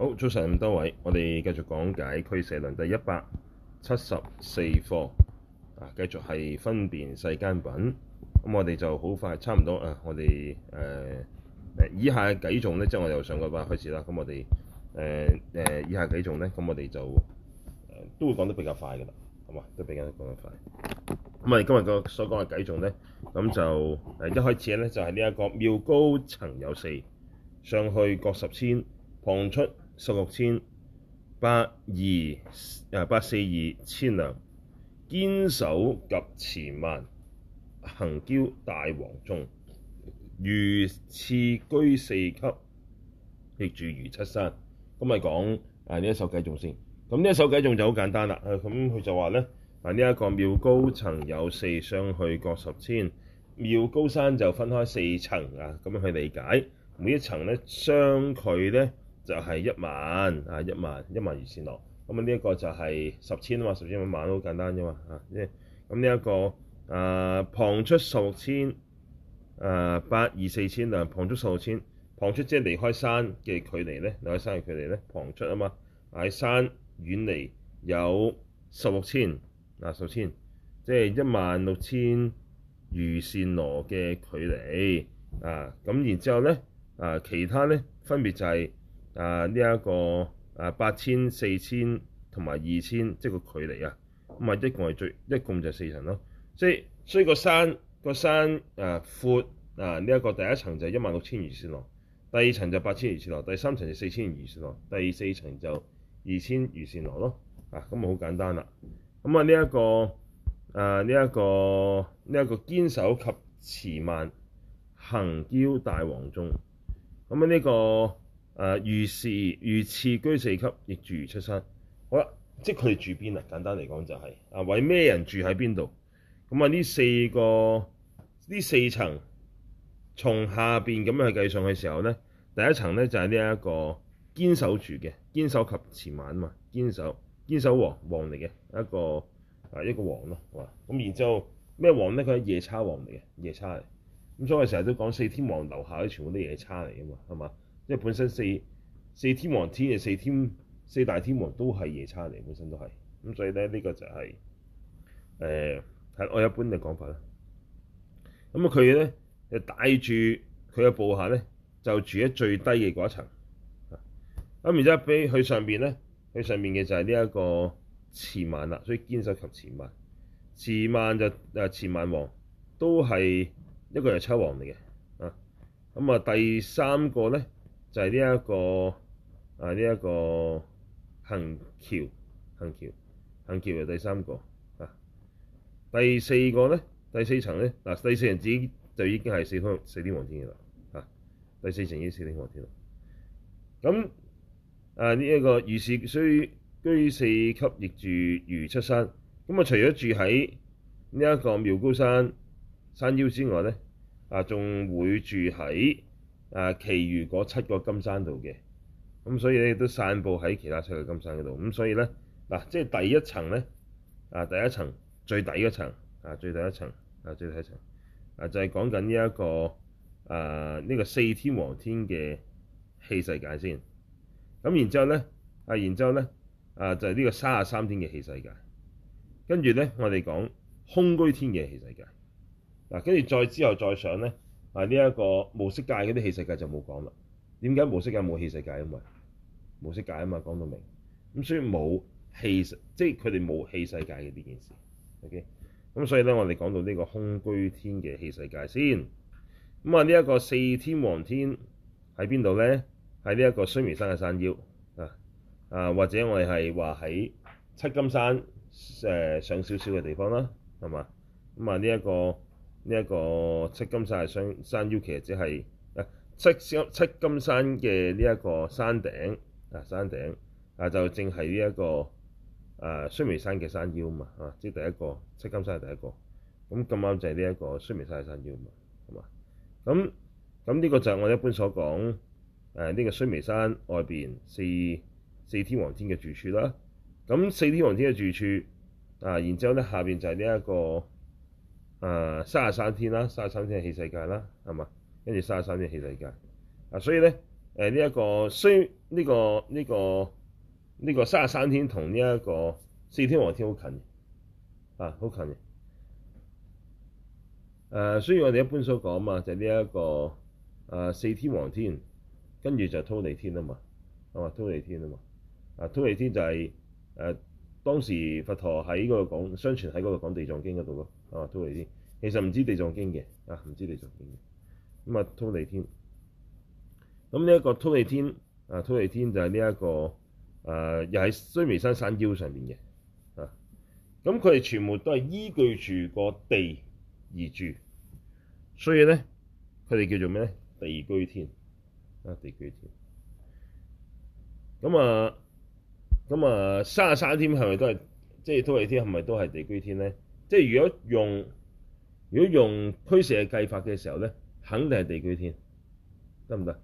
好，早晨咁多位，我哋繼續講解《俱舍論》第一百七十四課啊，繼續係分辨世間品。咁我哋就好快，差唔多啊、呃！我哋誒誒以下嘅計重咧，即係我由上個禮拜開始啦。咁我哋誒誒以下嘅計重咧，咁我哋就誒、呃、都會講得比較快噶啦。好嘛，都比較講得快。咁我哋今日嘅所講嘅計重咧，咁就誒、呃、一開始咧就係呢一個妙高層有四相去各十千傍出。十六千八二啊，八四二千量，堅手及持鬘，恒憍大王眾，如次居四級，亦住餘七山。咁咪講啊呢一首偈頌先。咁呢一首偈頌就好簡單啦。咁佢就話咧，啊呢一個妙高層有四，相去各十千，妙高山就分開四層啊，咁樣去理解。每一層咧，相距咧。就係一萬啊！一萬一萬踰繕那咁啊！呢一個就係十千啊嘛，十千萬萬都好簡單啫嘛嚇。咁呢一個啊、呃，傍出十六千啊、呃，八二四千啦。傍出十六千，傍出即係離開山嘅距離咧，離開山嘅距離咧，傍出啊嘛，喺山遠離有十六千啊，十千即係、就是、一萬六千踰繕那嘅距離啊。咁然之後咧啊，其他咧分別就係、是。啊！呢、這、一個啊，八千、四千同埋二千，即係個距離啊。咁啊，一共係最一共就四層咯、啊。即以所以個山個山啊，闊啊，呢、這、一個第一層就一萬六千踰繕那，第二層就八千踰繕那，第三層就四千踰繕那，第四層就二千踰繕那咯。啊，咁啊好簡單啦。咁啊呢一、這個啊呢一、這個呢一、啊這個這個堅手及持鬘恆憍大王眾。咁啊呢、這個。啊這個誒、啊、如是如次居四級，亦住餘七山。好啦，即係佢哋住邊啊？簡單嚟講就係、是、誒、啊、為咩人住喺邊度？咁啊呢四個呢四層，從下邊咁樣去計上去時候，咧，第一層咧就係呢一個堅手住嘅，堅手及持鬘啊嘛，堅手堅手王王嚟嘅一個啊一個王咯，係嘛？咁然之後咩王咧？佢係夜叉王嚟嘅夜叉嚟。咁所以我成日都講四天王樓下咧，全部都夜叉嚟㗎嘛，係嘛？因為本身四四天王天嘅四天四大天王都係夜叉嚟，本身都係咁，所以咧呢、這個就係誒係我一般嘅講法啦。咁、嗯、啊，佢咧就帶住佢嘅部下咧，就住喺最低嘅嗰一層啊。咁、嗯、然之後俾佢上邊咧，佢上邊嘅就係呢一個持鬘啦，所以堅手及持鬘持鬘就誒持鬘王都係一個夜叉王嚟嘅啊。咁、嗯、啊、嗯，第三個咧。就係呢一個啊，呢、這、一個恆憍，恆憍，恆憍嘅第三個啊。第四個咧，第四層咧，嗱、啊、第四層自己就已經係四方四天王天了嚇、啊。第四層已經四天王天啦。咁啊呢一、啊這個如次居四級，亦住餘七山。咁啊，除咗住喺呢一個妙高山山腰之外咧，啊仲會住喺。啊，其餘嗰七個金山度嘅，咁所以咧都散佈喺其他七個金山度，咁所以咧嗱，即係第一層咧，啊第一層最底嗰層，啊最底一層，啊最底一層，一層就係呢個、啊就係講緊呢一個啊呢個四天王天嘅器世界先，咁然之後咧，啊然之後咧，啊就係呢個三啊三十三天嘅器世界，跟住咧我哋講空居天嘅器世界，嗱跟住再之後再上咧。啊！呢一個無色界嗰啲器世界就冇講啦。點解無色界冇器世界啊？因為無色界嘛，無色界啊嘛，講到明。咁所以冇器，即係佢哋冇器世界嘅呢件事。OK。咁所以咧，我哋講到呢個空居天嘅器世界先。咁啊，呢一個四天王天喺邊度咧？喺呢一個須彌山嘅山腰啊啊，或者我哋係話喺七金山誒、呃、上少少嘅地方啦，係嘛？咁啊，呢一個。呢一個七金山嘅山山腰，其實只係啊七七金山嘅呢一個山頂啊山頂啊，就正係呢一個啊須彌山嘅山腰啊嘛啊，即係第一個七金山係第一個，咁咁啱就係呢一個須彌山嘅山腰啊嘛，係嘛？咁咁呢個就係我一般所講誒呢個須彌山外邊四四天王天嘅住處啦。咁四天王天嘅住處啊，然之後咧下邊就係呢一個。誒三十三天啦，三十三天係器世界啦，係嘛？跟住三十三天器世界啊，所以咧誒呢一、呃這個，雖呢、這個呢、這個呢、這個三十三天同呢一個四天王天好近啊，好近嘅誒。雖、啊、然我哋一般所講啊嘛，就呢、是、一、這個誒、呃、四天王天，跟住就忉利天啊嘛，係嘛？忉利天啊嘛，啊忉利天就係、是、誒、呃、當時佛陀喺嗰度講，相傳喺嗰度講《地藏經》嗰度咯。啊，忉利天，其實唔知地藏經嘅，啊，唔知地藏經嘅，咁啊，忉利天，咁呢一個忉利天，啊，忉利天就係呢一個，誒，又喺須彌山山腰上邊嘅，啊，咁佢哋全部都係依據住個地而住，所以咧，佢哋叫做咩咧？地居天，啊，地居天，咁啊，咁啊，三啊三、啊、天係咪都係，即係忉利天係咪都係地居天咧？即係如果用如果用俱舍嘅計法嘅時候咧，肯定係地居天得唔得？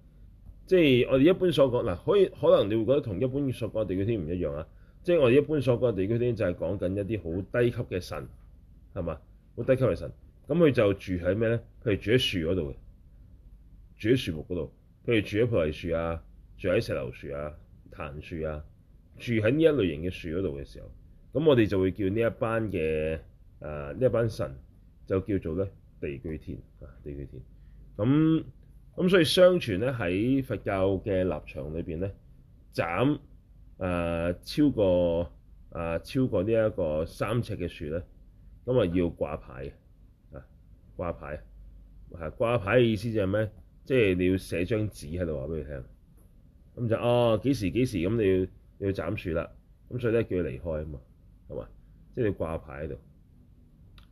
即係我哋一般所講嗱、啊，可以可能你會覺得同一般所講地居天唔一樣啊。即係我哋一般所講地居天就係講緊一啲好低級嘅神係嘛？好低級嘅神，咁佢就住喺咩咧？佢哋住喺樹嗰度嘅，住喺樹木嗰度。佢哋住喺菩提樹啊，住喺石榴樹啊、檀樹啊，住喺呢一類型嘅樹嗰度嘅時候，咁我哋就會叫呢一班嘅。誒呢一班神就叫做咧地居天。啊，地居天，咁咁，所以相傳咧喺佛教嘅立場裏邊咧，斬誒、啊、超過誒、啊、超過呢一個三尺嘅樹咧，咁啊要掛牌啊，掛牌係、啊、掛牌嘅意思就係咩？即、就、係、是、你要寫張紙喺度話俾佢聽，咁就哦幾時幾時咁你，你要你要斬樹啦。咁所以咧叫佢離開啊嘛，係咪？即係、就是、你要掛牌喺度。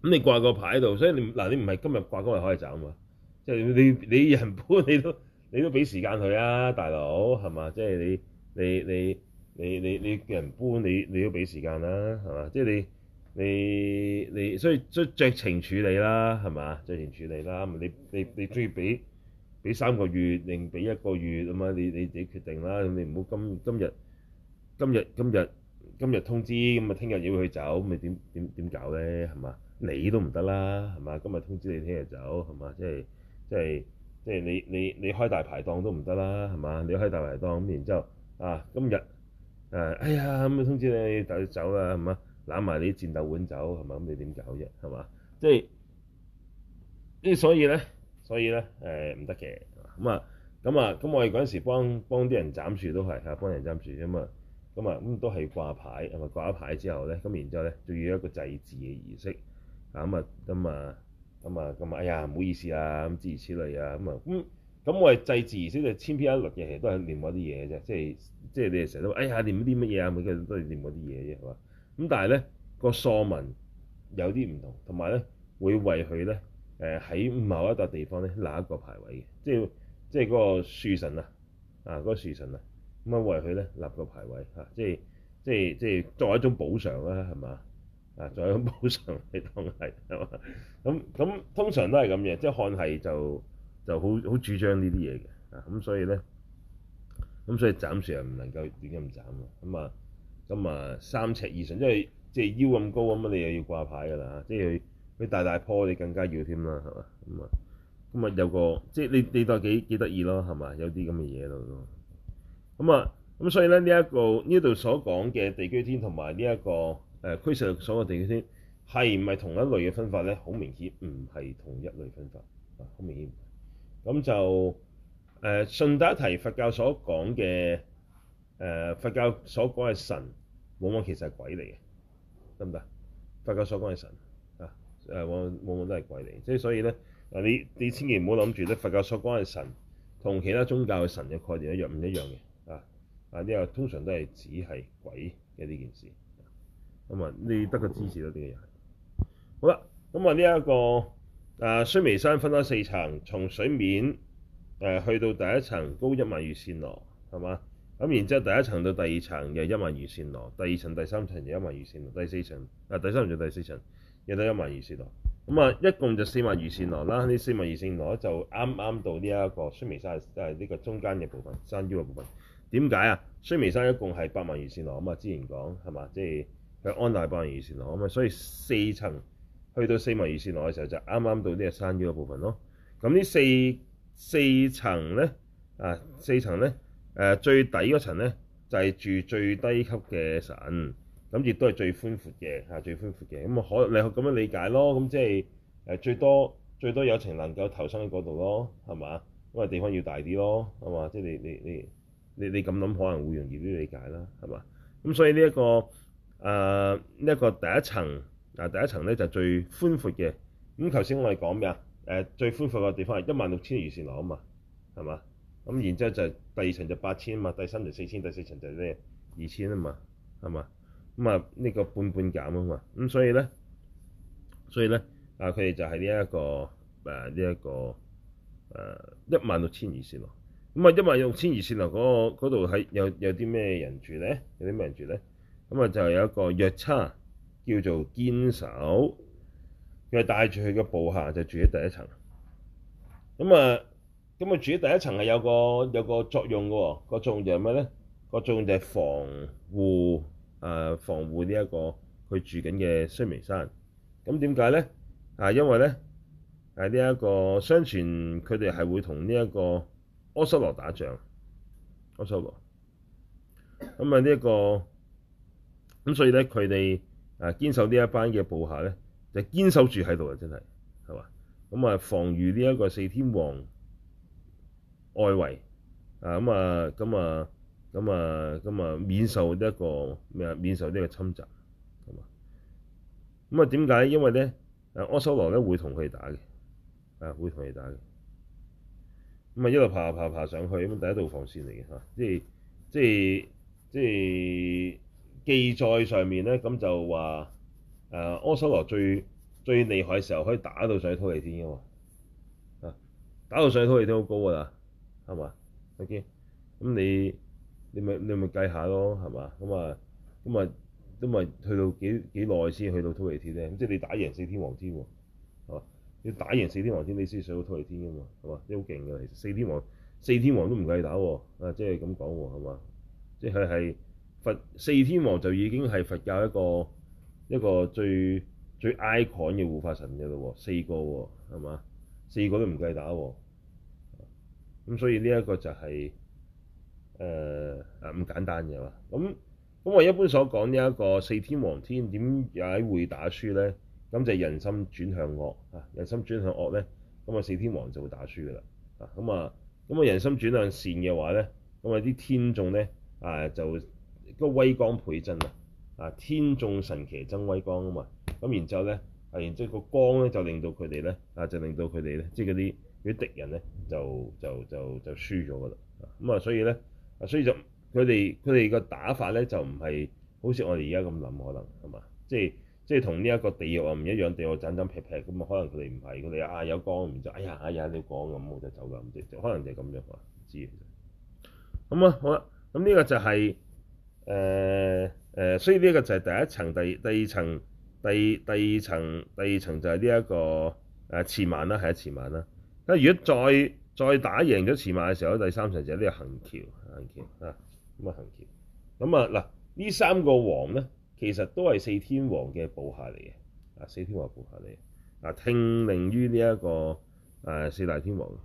咁你掛個牌度，所以你嗱、啊、你唔係今日掛今日可以走啊嘛？即、就、係、是、你你人搬你都你都俾時間佢啊，大佬係嘛？即係、就是、你你你你你你叫人搬你你都俾時間啦，係嘛？即係你你你所以所以酌情處理啦，係嘛？酌情處理啦，你你你中意俾俾三個月定俾一個月咁啊？你你你決定啦，你唔好今今，今日今日今日今日通知咁啊，聽日要去走，咁咪點點點搞咧，係嘛？你都唔得啦，係嘛？今日通知你聽日走，係嘛？即係即係即係你你你開大排檔都唔得啦，係嘛？你開大排檔咁，然之後啊，今日誒、啊、哎呀咁啊通知你就要走啦，係嘛？攬埋你啲戰鬥碗走，係嘛？咁你點搞啫？係嘛？即係即係所以咧，所以咧誒唔得嘅咁啊咁啊咁，那我哋嗰陣時幫幫啲人斬樹都係嚇幫人斬樹啫嘛，咁啊咁都係掛牌，係咪掛咗牌之後咧？咁然之後咧，仲要一個祭祀嘅儀式。咁啊，咁啊、 嗯，咁、嗯、啊，咁、嗯、啊、嗯嗯就是就是，哎呀，唔好意思啊，咁諸如此類啊，咁啊，咁咁我哋祭祀儀式就千篇一律嘅，其實都係念嗰啲嘢啫，即係即係你哋成日都話，哎呀，念啲乜嘢啊，每個人都係念嗰啲嘢啫，係嘛？咁但係咧個素文有啲唔同，同埋咧會為佢咧誒喺某一笪地方咧立一個牌位嘅，即係即係嗰個樹神啊，啊、那、嗰個樹神啊，咁啊為佢咧立個牌位嚇、啊，即係、就是、即係即係作為一種補償啦，係嘛？啊，仲有個補償係當係，咁咁 通常都係咁嘅，即係看係就就好好主張呢啲嘢嘅，啊咁所以咧，咁所以斬樹又唔能夠亂咁斬喎，咁啊，咁啊三尺以上，即係即係腰咁高咁啊，你又要掛牌噶啦、啊、即係佢佢大大棵你更加要添啦，係嘛？咁啊咁啊有個即係你你都幾幾得意咯，係嘛？有啲咁嘅嘢咯，咁啊咁所以咧呢一個呢度所講嘅地居天同埋呢一個。誒區實所有地嘅先係唔係同一類嘅分法咧？好明顯唔係同一類分法啊！好明顯唔，咁就誒，順帶一提，佛教所講嘅誒佛教所講嘅神，往往其實係鬼嚟嘅，得唔得？佛教所講嘅神啊誒，往往往都係鬼嚟，即係所，所以咧，你你千祈唔好諗住咧，佛教所講嘅神同其他宗教嘅神嘅概念一樣唔一樣嘅啊啊，呢個通常都係只係鬼嘅呢件事。咁啊，你得個持識呢啲嘢。好啦，咁啊呢一個誒須彌山分咗四層，從水面誒、呃、去到第一層高一萬踰繕那，係嘛？咁然之後第一層到第二層又一萬踰繕那，第二層、第三層又一萬踰繕那，第四層啊，第三層就第四層、啊、又得一萬踰繕那。咁、嗯、啊，一共就四萬踰繕那啦。呢四萬踰繕那就啱啱到呢一個須彌山係呢、這個中間嘅部分，山腰嘅部分。點解啊？須彌山一共係八萬踰繕那。咁啊，之前講係嘛？即係。安大半踰繕那，啊嘛、嗯，所以四層去到四萬踰繕那嘅時候就啱啱到呢個山腰嘅部分咯。咁呢四四層咧啊，四層咧誒、啊、最底嗰層咧就係、是、住最低級嘅神，咁、嗯、亦都係最寬闊嘅嚇、啊，最寬闊嘅咁啊，可、嗯、你可咁樣理解咯。咁、嗯、即係誒、呃、最多最多有情能夠投生喺嗰度咯，係嘛？因為地方要大啲咯，係嘛？即係你你你你你咁諗可能會容易啲理解啦，係嘛？咁所以呢、這、一個。誒呢一個第一層，嗱、呃、第一層咧就最寬闊嘅。咁頭先我哋講咩啊？誒、呃、最寬闊嘅地方係一萬六千踰繕那啊嘛，係嘛？咁、嗯、然之後就第二層就八千啊嘛，第三層四千，第四層就咩二千啊嘛，係、嗯、嘛？咁啊呢個半半減啊嘛。咁所以咧，所以咧啊，佢哋、呃、就係呢一個誒呢一個誒一萬六千踰繕那。咁啊一萬六千踰繕那嗰度係有有啲咩人住咧？有啲咩人住咧？咁啊，就有一個藥叉，叫做堅手，又帶住佢嘅部下就住喺第一層。咁啊，咁啊，住喺第一層係有個有個作用嘅喎、哦，那個作用就係咩咧？那個作用就係防護啊、呃，防護呢、這、一個佢住緊嘅須彌山。咁點解咧？啊，因為咧，喺呢一個相傳佢哋係會同呢一個阿修羅打仗，阿修羅。咁啊，呢一個。咁所以咧，佢哋啊堅手呢一班嘅部下咧，就堅手住喺度啊！真係係嘛，咁啊防禦呢一個四天王外圍啊，咁啊咁啊咁啊咁啊免受呢一個咩啊免受呢一個侵襲，係嘛？咁啊點解？因為咧，阿阿修羅咧會同佢哋打嘅，啊會同佢哋打嘅，咁啊一路爬爬爬上去，咁第一道防線嚟嘅嚇，即係即係即係。記載上面咧，咁就話誒，阿修羅最最厲害嘅時候，可以打到上到忉利天嘅喎，啊，打到上到忉利天，好高㗎啦，係嘛？OK，咁你你咪你咪計下咯，係嘛？咁啊，咁啊，咁啊，去到幾幾耐先去到忉利天咧？咁即係你打贏四天王天喎，係嘛？要打贏四天王天，你先上到忉利天㗎嘛，係嘛？即係好勁㗎，其實四天王四天王都唔計打喎，啊，即係咁講喎，係嘛？即係係。佛四天王就已經係佛教一個一個最最 icon 嘅護法神嘅咯，四個喎，係嘛？四個都唔計打喎。咁所以呢一個就係誒啊，咁、呃、簡單嘅嘛。咁咁我一般所講呢一個四天王天點解會打輸咧？咁就係人心轉向惡啊，人心轉向惡咧，咁啊四天王就會打輸噶啦。啊咁啊，咁啊人心轉向善嘅話咧，咁啊啲天眾咧啊就～個威光倍增啊！啊，天眾神奇增威光啊嘛！咁然之後咧，啊，然之後個光咧就令到佢哋咧啊，就令到佢哋咧，即係嗰啲啲敵人咧，就是、就就就，就輸咗噶啦！咁、嗯、啊，所以咧啊，所以就佢哋佢哋個打法咧就唔係好似我哋而家咁諗可能係嘛、就是？即係即係同呢一個地獄啊唔一樣，地獄斬斬劈劈咁啊，可能佢哋唔係佢哋啊有光唔就哎呀哎呀你講咁我就走噶，唔就可能就係咁樣啊？知咁啊、嗯、好啦，咁、嗯、呢、這個就係、是。誒誒、呃呃，所以呢一個就係第一層，第第二層，第第二層，第二層就係呢一個誒持、呃、鬘啦，係啊持鬘啦。咁如果再再打贏咗持鬘嘅時候，第三層就係呢個恆憍，恆憍嚇，咁啊恆憍。咁啊嗱，呢、啊啊啊、三個王咧，其實都係四天王嘅部下嚟嘅，啊四天王部下嚟嘅，啊聽令於呢一個誒、啊、四大天王。咁、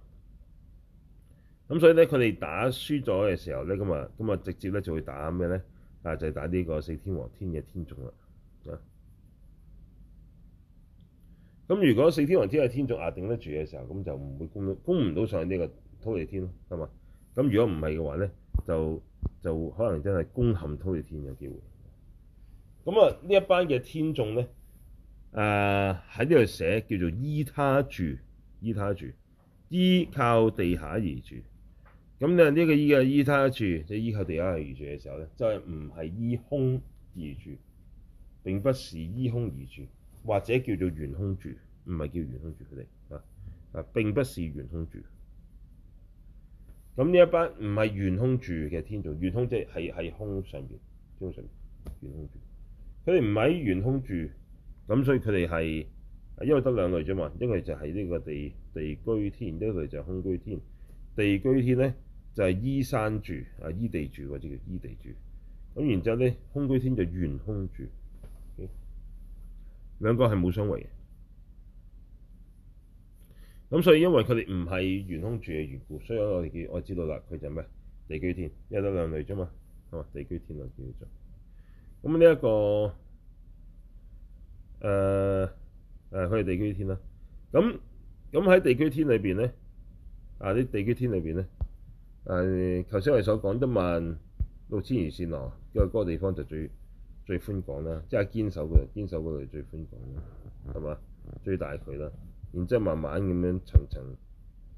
啊啊、所以咧，佢哋打輸咗嘅時候咧，咁啊咁啊直接咧就會打咩咧？啊！就係，是，打呢個四天王天嘅天眾啦。啊，咁如果四天王天嘅天眾啊頂得住嘅時候，咁就唔會攻到攻唔到上呢個忉利天咯，係嘛？咁，啊、如果唔係嘅話咧，就就可能真係攻陷忉利天嘅機會。咁啊，呢一班嘅天眾咧，誒喺呢度寫叫做依他住，依他住，依靠地下而住。咁咧呢個依嘅依他住，即係依靠地下而住嘅時候咧，就係唔係依空而住，並不是依空而住，或者叫做懸空住，唔係叫懸空住佢哋啊啊！並不是懸空住。咁呢一班唔係懸空住嘅天族，懸空即係喺空上面，空上面懸空住。佢哋唔係懸空住，咁所以佢哋係因為得兩類啫嘛，一類就係呢個地地居天，一類就係空居天。地居天咧，就係依山住啊，依地住或者叫依地住。咁然之後咧，空居天就懸空住，兩、okay? 個係冇相違嘅。咁所以因為佢哋唔係懸空住嘅緣故，所以我哋叫我知道啦。佢就咩地居天，有得兩類啫嘛。係、啊、嘛，地居天兩類做。咁呢一個誒誒，佢、呃、係、呃、地居天啦、啊。咁咁喺地居天裏邊咧，啊啲地居天裏邊咧。誒，頭先、嗯、我哋所講得萬六千踰繕那咯，因為嗰個地方就最最寬廣啦，即係堅手佢，度，堅手嗰度最寬廣啦，係嘛？最大佢啦，然之後慢慢咁樣層層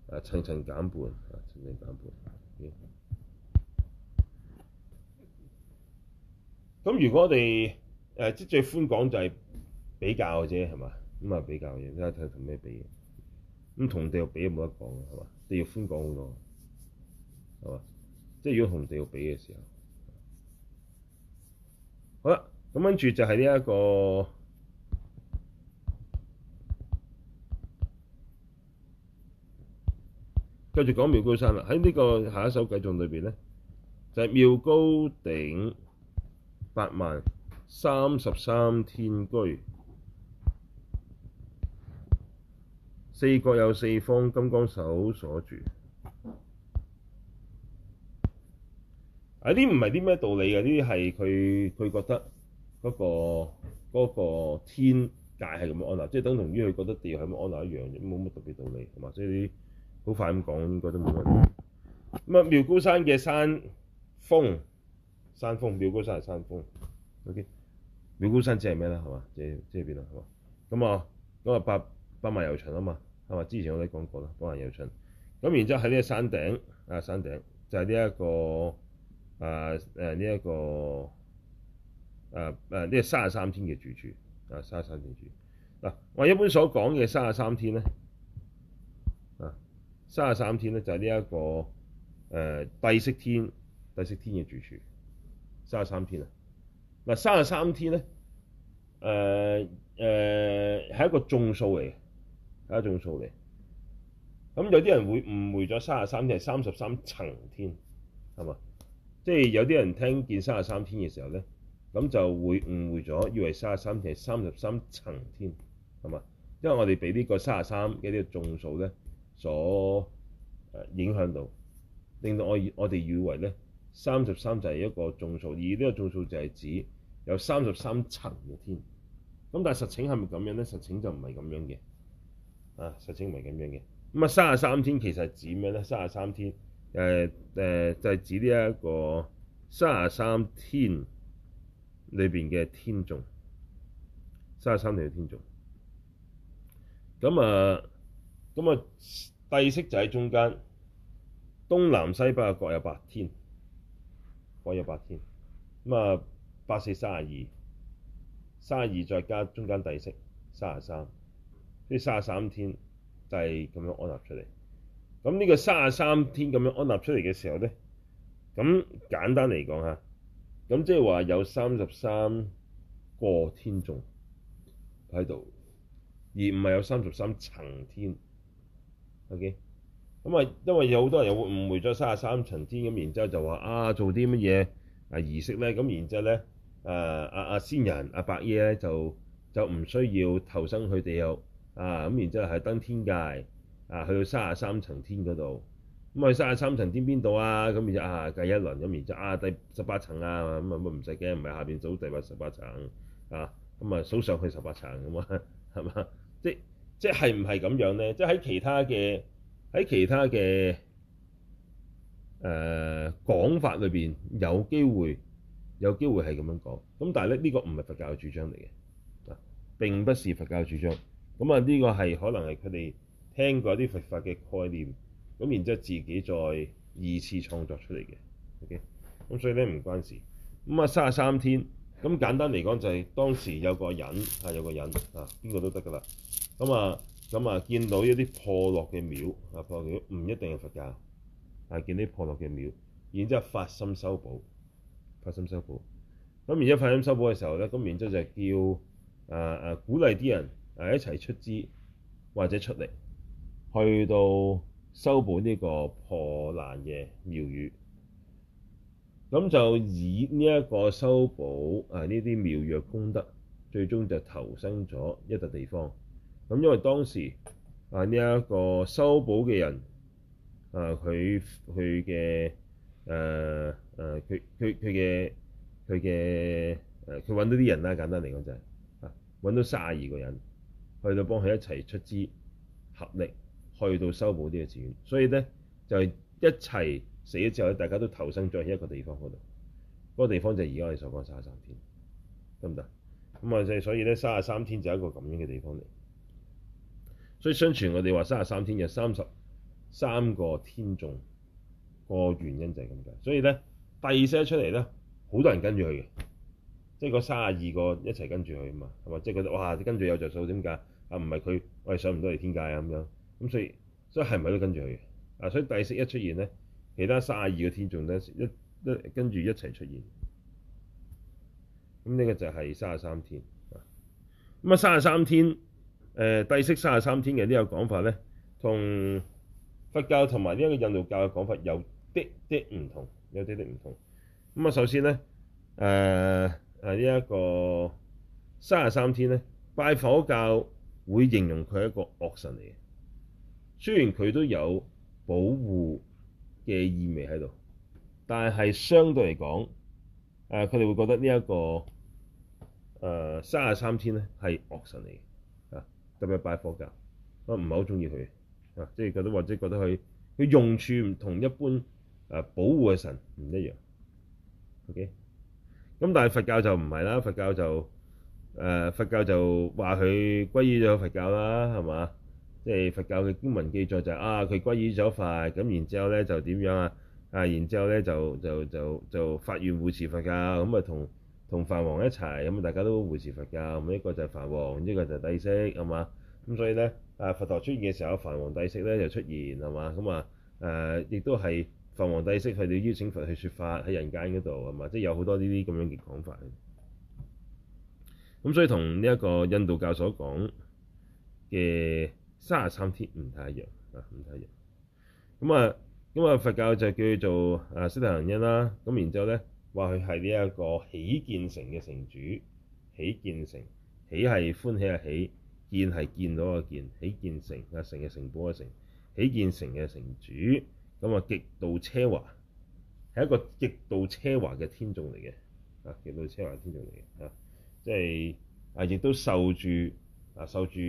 啊，層層減半，層層減半。咁、啊、如果我哋誒即最寬廣就係比較嘅啫，係嘛？咁啊比較嘅，睇下睇同咩比，咁同地獄比冇得講，係嘛？地獄寬廣好多。係嘛？即係如果同地要獄比嘅時候，好啦，咁繼續就係呢一個，繼續講妙高山啦。喺呢個下一首偈頌裏邊咧，就係、是、妙高頂八萬三十三天居，四角有四峯，金剛手所住。啊！啲唔係啲咩道理嘅，啲係佢佢覺得嗰個嗰個天界係咁安那，即係等同於佢覺得地係咁安那一樣，冇乜特別道理，係嘛？所以啲好快咁講，應該都冇乜。咁啊，妙高山嘅山峰，山峰妙高山係山峰。O.K.，妙高山即係咩咧？係嘛？即即係邊啊？係嘛？咁啊，咁啊，八八萬由旬啊嘛，係嘛？之前我哋講過啦，八萬由旬。咁然之後喺呢個山頂，啊山頂就係呢一個。啊！誒呢一個誒誒呢三十三天嘅住處啊，三十三天住嗱。我一般所講嘅三十三天咧啊，三十三天咧就係呢一個誒帝釋天帝釋天嘅住處，三十三天啊。嗱、啊，三十三天咧誒誒係一個眾數嚟嘅，係一個眾數嚟。咁有啲人誤會咗三十三天係三十三層天係嘛？即係有啲人聽見三十三天嘅時候咧，咁就會誤會咗，以為三十三天係三十三層天，係嘛？因為我哋俾呢個三十三嘅呢個眾數咧，所誒影響到，令到我我哋以為咧三十三就係一個眾數，而呢個眾數就係指有三十三層嘅天。咁但係實情係咪咁樣咧？實情就唔係咁樣嘅，啊，實情唔係咁樣嘅。咁啊，三十三天其實係指咩咧？三十三天。誒誒，就係指呢一個三廿三三十三天裏邊嘅天眾，三十三條天眾。咁啊，咁啊，帝釋就喺中間，東南西北各有八天，各有八天。咁啊，八四三十二，三十二再加中間帝釋，三十三，呢三十三天就係咁樣安立出嚟。咁呢個三十三天咁樣安納出嚟嘅時候咧，咁簡單嚟講嚇，咁即係話有三十三個天眾喺度，而唔係有三十三層天。OK，因為因為有好多人會誤會咗三十三層天咁，然之後就話啊做啲乜嘢啊儀式咧，咁然之後咧，誒阿阿仙人、阿、啊、白爺咧就就唔需要投生去地獄啊咁，然之後係登天界。啊！去到三十三層天嗰度，咁去三十三層天邊度啊？咁然之後啊，計一輪咁，然之後啊，第十八層啊，咁啊，唔使驚？唔係下邊數第八十八層啊，咁啊，數上去十八層咁嘛？係、啊、嘛？即即係唔係咁樣咧？即喺其他嘅喺其他嘅誒、呃、講法裏邊，有機會有機會係咁樣講。咁但係咧，呢、這個唔係佛教主張嚟嘅啊，並不是佛教主張。咁啊，呢個係可能係佢哋。聽過啲佛法嘅概念，咁然之後自己再二次創作出嚟嘅。OK，咁所以咧，唔關事。咁啊，三十三天咁簡單嚟講，就係當時有個人係、啊、有個人啊，邊個都得㗎啦。咁啊咁啊，啊，見到一啲破落嘅廟啊，破廟唔一定係佛教，但、啊、係見啲破落嘅廟，然之後發心修補，發心修補。咁然之後發心修補嘅時候咧，咁然之後就叫啊啊鼓勵啲人啊一齊出資或者出嚟，去到修補呢個破爛嘅廟宇，咁就以呢一個修補啊，呢啲妙藥功德，最終就投生咗一笪地方。咁因為當時啊，呢、這、一個修補嘅人，啊佢佢嘅誒誒佢佢佢嘅佢嘅誒，佢揾、啊啊、到啲人啦，簡單嚟講就係、是、啊揾到三十二個人，去到幫佢一齊出資合力。去到修補啲嘅寺院，所以咧就係、是、一齊死咗之後咧，大家都投生喺一個地方嗰度。嗰、那個地方就係而家你所講三十三天，得唔得？咁啊，即係所以咧，三十三天就係一個咁樣嘅地方嚟。所以相傳我哋話三十三天有三十三個天眾，個原因就係咁解。所以咧，第二聲出嚟咧，好多人跟住佢嘅，即係嗰三十二個一齊跟住佢啊嘛，係嘛？即係覺得哇，跟住有著數，點解啊？唔係佢，我哋上唔到嚟天界啊咁樣。咁所以，所以係咪都跟住佢嘅？啊，所以帝釋一出現咧，其他三十二個天眾咧，一一跟住一齊出現。咁呢個就係三十三天。咁、嗯、啊，三十三天誒帝釋三十三天嘅呢個講法咧，同佛教同埋呢一個印度教嘅講法有啲啲唔同，有啲啲唔同。咁、嗯、啊，首先咧，誒、呃、誒、這個、呢一個三十三天咧，拜火教會形容佢係一個惡神嚟嘅。雖然佢都有保護嘅意味喺度，但係相對嚟講，誒佢哋會覺得呢、這、一個誒三十三天咧係惡神嚟嘅，啊，得唔得拜佛教，我唔係好中意佢，啊，即係覺得或者覺得佢佢用處唔同一般誒保護嘅神唔一樣。O.K.，咁但係佛教就唔係啦，佛教就誒、呃、佛教就話佢歸依咗佛教啦，係嘛？即係佛教嘅經文記載就係、是、啊，佢皈依咗法。咁然之後咧就點樣啊？啊，然之後咧就就就就發願護持佛教，咁啊同同梵王一齊，咁啊大家都護持佛教，咁一個就係梵王，一個就係帝釋，係嘛？咁、嗯、所以咧啊，佛陀出現嘅時候，梵王帝釋咧就出現係嘛？咁、嗯、啊誒，亦都係梵王帝釋去到邀請佛去説法喺人間嗰度係嘛？即係有好多呢啲咁樣嘅講法。咁所以同呢一個印度教所講嘅。三十三天唔太一樣啊，唔太一樣咁啊，咁、嗯、啊、嗯、佛教就叫做啊釋提桓因啦，咁、啊、然之後咧話佢係呢一個喜見城嘅城主，喜見城，喜係歡喜啊喜，見係見到啊見，喜見城啊城嘅城堡嘅城，喜見城嘅、啊城，啊、城主，咁啊極度奢華，係一個極度奢華嘅天眾嚟嘅，啊極度奢華天眾嚟嘅，啊即係啊亦都受住啊受住。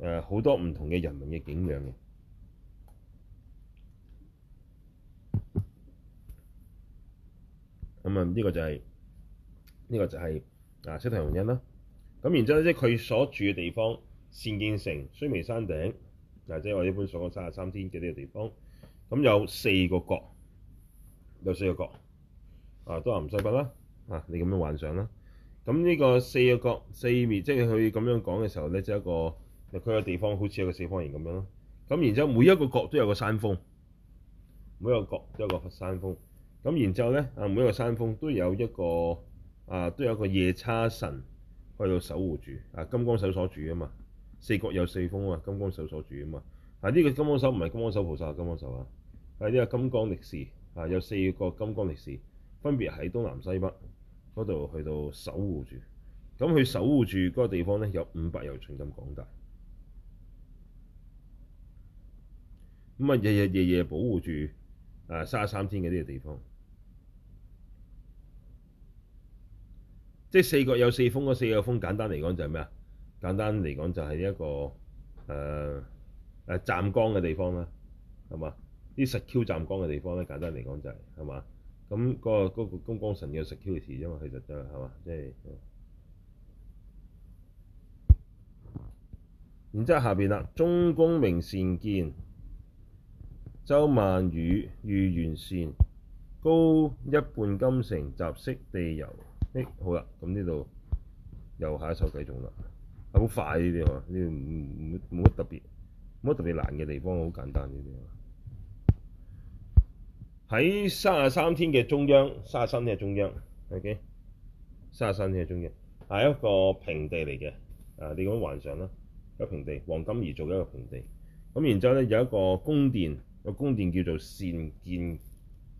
誒好、呃、多唔同嘅人民嘅景仰嘅咁啊！呢個就係呢個就係嗱，色頭紅印啦。咁然之後咧，即係佢所住嘅地方，善見城、須眉山頂嗱、啊，即係我一般所講三十三天嘅呢個地方。咁有四個角，有四個角啊，都話唔使份啦。啊，你咁樣幻想啦。咁呢個四個角四面，即係佢咁樣講嘅時候咧，即係一個。佢個地方好似有個四方形咁樣咯。咁然之後，每一個角都有個山峰，每一個角都有個山峰。咁然之後咧，啊每一個山峰都有一個啊，都有一個夜叉神去到守護住啊，金剛手所住啊嘛。四角有四峯啊嘛，金剛手所住啊嘛。啊、這、呢個金剛手唔係金剛手，菩薩，金剛手啊係呢個金剛力士啊，有四個金剛力士分別喺東南西北嗰度去到守護住。咁佢守護住嗰個地方咧，有五百由旬咁廣大。咁啊，日日夜夜保護住啊，卅三天嘅呢個地方，即係四角有四峰嗰四個峰，簡單嚟講就係咩啊？簡單嚟講就係一個誒誒站崗嘅地方啦，係嘛？啲石橋站崗嘅地方咧，簡單嚟講就係係嘛？咁、那個嗰、那個金剛神嘅石橋事，因為佢就真係係嘛，即係、嗯。然之後下邊啦，中宮名善見。周萬踰繕那，高一半金城，雜飾地柔濡。哎，好啦，咁呢度又下一首繼續啦。好、啊、快呢啲呢啲冇乜特別，冇乜特別難嘅地方，好簡單呢啲。喺三十三天嘅中央，三十三天嘅中央，OK，三十三天嘅中央，係、okay? 一個平地嚟嘅。誒、啊，你講幻想啦，有平地，黃金而做一個平地。咁然之後咧，有一個宮殿。個宮殿叫做善見，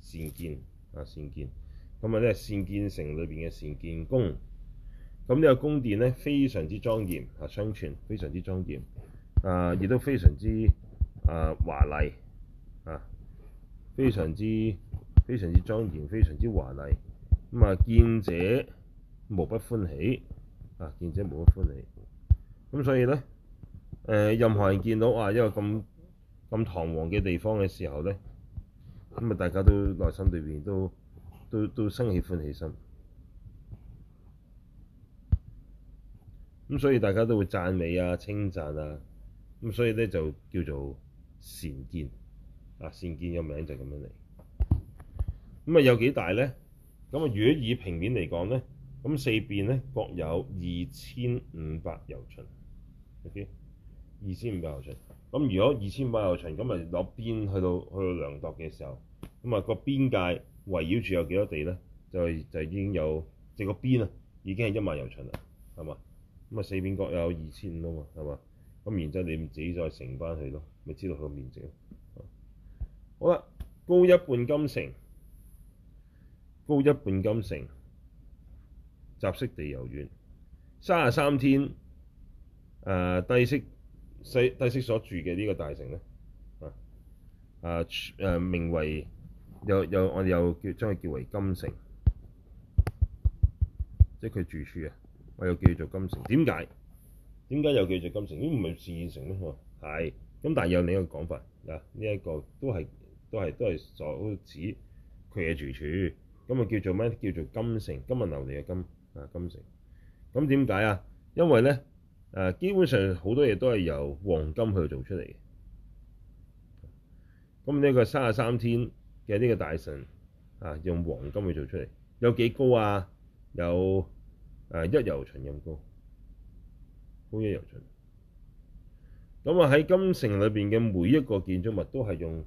善見，啊善見，咁啊咧善見城裏邊嘅善見宮，咁呢個宮殿咧非常之莊嚴啊，相傳非常之莊嚴啊，亦都非常之啊華麗啊，非常之非常之莊嚴，非常之華麗，咁啊見者無不歡喜啊，見者無不歡喜，咁、啊啊、所以咧誒、呃，任何人見到啊一個咁咁堂皇嘅地方嘅時候咧，咁啊大家都內心裏邊都都都生起歡喜心，咁所以大家都會讚美啊、稱讚啊，咁所以咧就叫做善見，啊善見個名就咁樣嚟，咁啊有幾大咧？咁啊如果以平面嚟講咧，咁四邊咧各有二千五百由旬，OK。二千五百由旬，咁如果二千五百由旬，咁咪落邊去到去到量度嘅時候，咁啊個邊界圍繞住有幾多地咧？就係就已經有，即個邊啊已經係一萬由旬啦，係嘛？咁啊四邊各有二千五啊嘛，係嘛？咁然之後你自己再乘翻去咯，咪知道佢個面積咯。好啦，高一半金城，高一半金城，雜飾地柔軟，三十三天，誒、呃、低息。帝釋所住嘅呢個大城咧，啊啊名為有有我哋又叫將佢叫為金城，即係佢住處啊！我又叫做金城，點解？點解又叫做金城？咁唔係自然城咩？係、啊。咁但係有另一個講法，嗱、啊，呢、這、一個都係都係都係所指佢嘅住處，咁啊叫做咩？叫做金城，金銀琉璃嚟嘅金啊金城。咁點解啊？因為咧。基本上好多嘢都係由黃金去做出嚟嘅，咁呢個三十三天嘅呢個大城，啊，用黃金去做出嚟，有幾高啊？有啊一由旬咁高，高一由旬。咁啊喺金城裏邊嘅每一個建築物都係用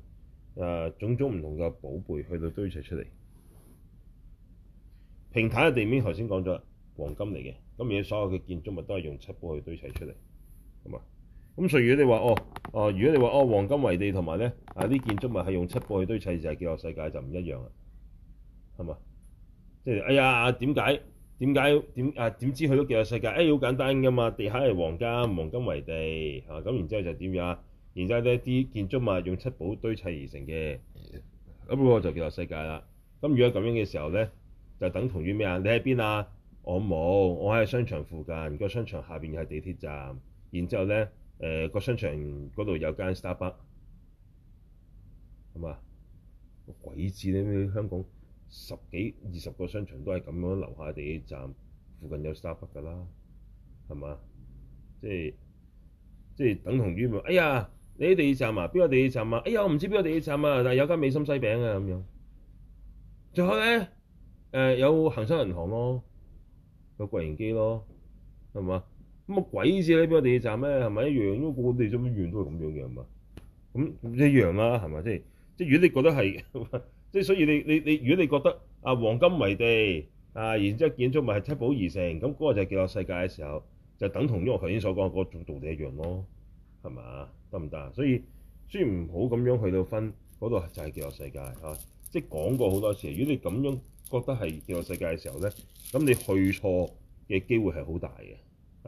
誒、啊、種種唔同嘅寶貝去到堆砌出嚟，平坦嘅地面頭先講咗。黃金嚟嘅，咁而家所有嘅建築物都係用七寶去堆砌出嚟，咁啊，咁所以如果你話哦，哦、呃，如果你話哦，黃金為地同埋咧，啊啲建築物係用七寶去堆砌就係《叫做世界極樂世界》就唔一樣啦，係嘛？即係哎呀，點解點解點啊？點知佢都《極樂世界》哎？誒，好簡單㗎嘛，地下係黃金，黃金為地嚇，咁、啊、然之後就點樣？然之後呢啲建築物用七寶堆砌而成嘅，咁個就《極樂世界》啦。咁如果咁樣嘅時候咧，就等同於咩啊？你喺邊啊？我冇，我喺商場附近，個商場下邊又係地鐵站，然之後咧，誒個商場嗰度有間 Starbucks，係嘛？鬼知你香港十幾二十個商場都係咁樣，樓下地鐵站附近有 Starbucks 㗎啦，係嘛？即係即係等同於哎呀，你地鐵站啊？邊個地鐵站啊？哎呀，我唔知邊個地鐵站啊？但係有間美心西餅啊咁樣，最後咧，誒有恒生銀行咯。有櫃員機咯，係嘛？咁啊鬼知喺邊個地鐵站咩？係咪一樣？因為個地鐵都一樣，都係咁樣嘅，係嘛？咁一樣啦，係咪？即係即係，如果你覺得係，即係所以你你你，如果你覺得啊黃金為地啊，然之後建築物係七寶而成，咁、那、嗰個就係極樂世界嘅時候，就等同於我頭先所講嗰、那個道理一樣咯，係嘛？得唔得？所以雖然唔好咁樣去到分嗰度、那個、就係極樂世界，啊、即係講過好多次。如果你咁樣，覺得係見落世界嘅時候咧，咁你去錯嘅機會係好大嘅，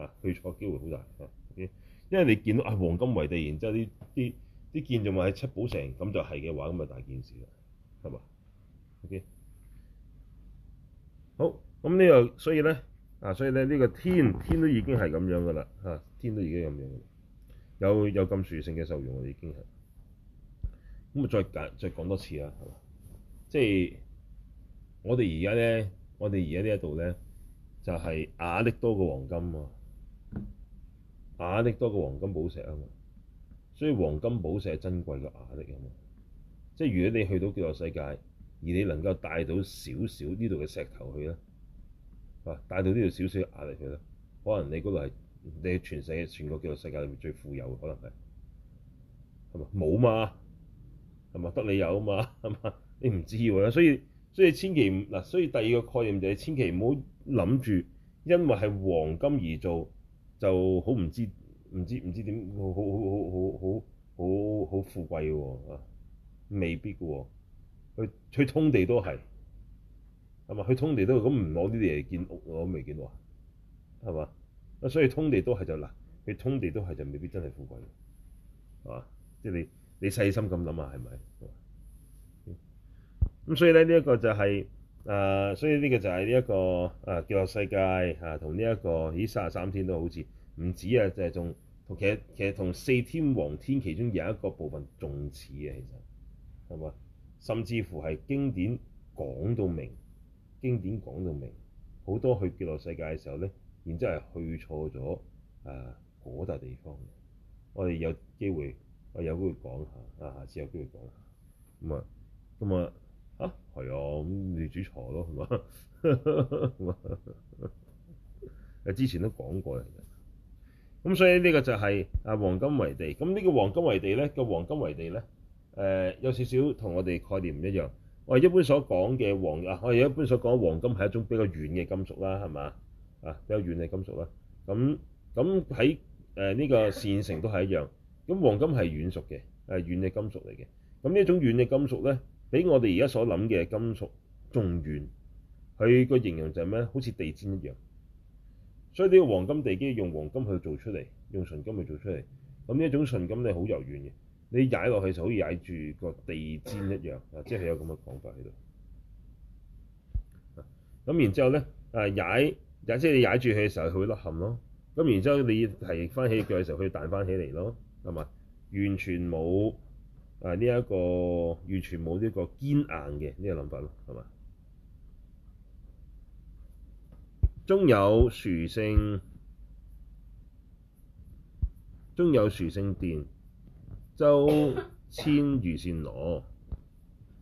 啊，去錯機會好大啊。O.K.，因為你見到啊黃金為地，然之後啲啲啲建築物喺七寶城，咁就係嘅話，咁啊大件事啦，係嘛？O.K.，好，咁呢個所以咧啊，所以咧呢個天天都已經係咁樣噶啦，嚇，天都已經咁樣噶啦，有有咁屬性嘅受用，我哋已經係。咁啊，再講再講多次啦，係嘛？即係。我哋而家咧，我哋而家呢一度咧，就係、是、雅力多過黃金啊嘛！雅力多過黃金寶石啊嘛！所以黃金寶石係珍貴過雅力啊嘛！即係如果你去到極樂世界，而你能夠帶到少少呢度嘅石頭去咧，啊，帶到呢度少少雅力去咧，可能你嗰度係你全世界、全個極樂世界裏面最富有嘅。可能係，係嘛，冇嘛係嘛，得你有啊嘛係嘛，你唔知喎，所以。所以千祈唔嗱，所以第二個概念就係千祈唔好諗住，因為係黃金而做，就好唔知唔知唔知點，好好好好好好好富貴喎啊、哦，未必嘅喎、哦，去去通地都係，係嘛？去通地都咁唔攞呢啲嘢嚟建屋，我未見到啊，係嘛？啊，所以通地都係就嗱，佢通地都係就未必真係富貴，係嘛？即係你你細心咁諗下係咪？咁所以咧呢一、這個就係、是、誒、呃，所以呢個就係呢一個誒極樂世界嚇，同呢一個咦三十三天都好似唔止啊，就係仲同其實其實同四天王天其中有一個部分仲似嘅，其實係咪？甚至乎係經典講到明，經典講到明，好多去極樂世界嘅時候咧，然之後係去錯咗誒嗰笪地方。我哋有機會，我、啊、有機會講下啊，下次有機會講下。咁啊，咁啊。嚇係啊，咁你煮菜咯，係嘛？你 之前都講過嚟嘅，咁所以呢個就係啊黃金為地，咁呢個黃金為地咧、嗰個黃金為地咧，誒、呃、有少少同我哋概念唔一樣。我哋一般所講嘅黃，啊、我哋一般所講黃金係一種比較軟嘅金屬啦，係嘛？啊比較軟嘅金屬啦，咁咁喺誒呢個線成都係一樣。咁黃金係軟熟嘅，係軟嘅金屬嚟嘅。咁呢一種軟嘅金屬咧。比我哋而家所諗嘅金屬仲軟，佢個形容就係咩？好似地氈一樣。所以呢個黃金地基，用黃金去做出嚟，用純金去做出嚟。咁、嗯、呢一種純金咧，好柔軟嘅。你踩落去就好似踩住個地氈一樣啊！即係有咁嘅講法喺度。咁、嗯、然之後咧，啊踩，即係你踩住佢嘅時候，佢會甩陷咯。咁然之後，你提翻起腳嘅時候，佢彈翻起嚟咯。係咪？完全冇。係呢一個完全冇呢個堅硬嘅呢個諗法咯，係嘛？中有殊勝，中有殊勝殿，周千踰繕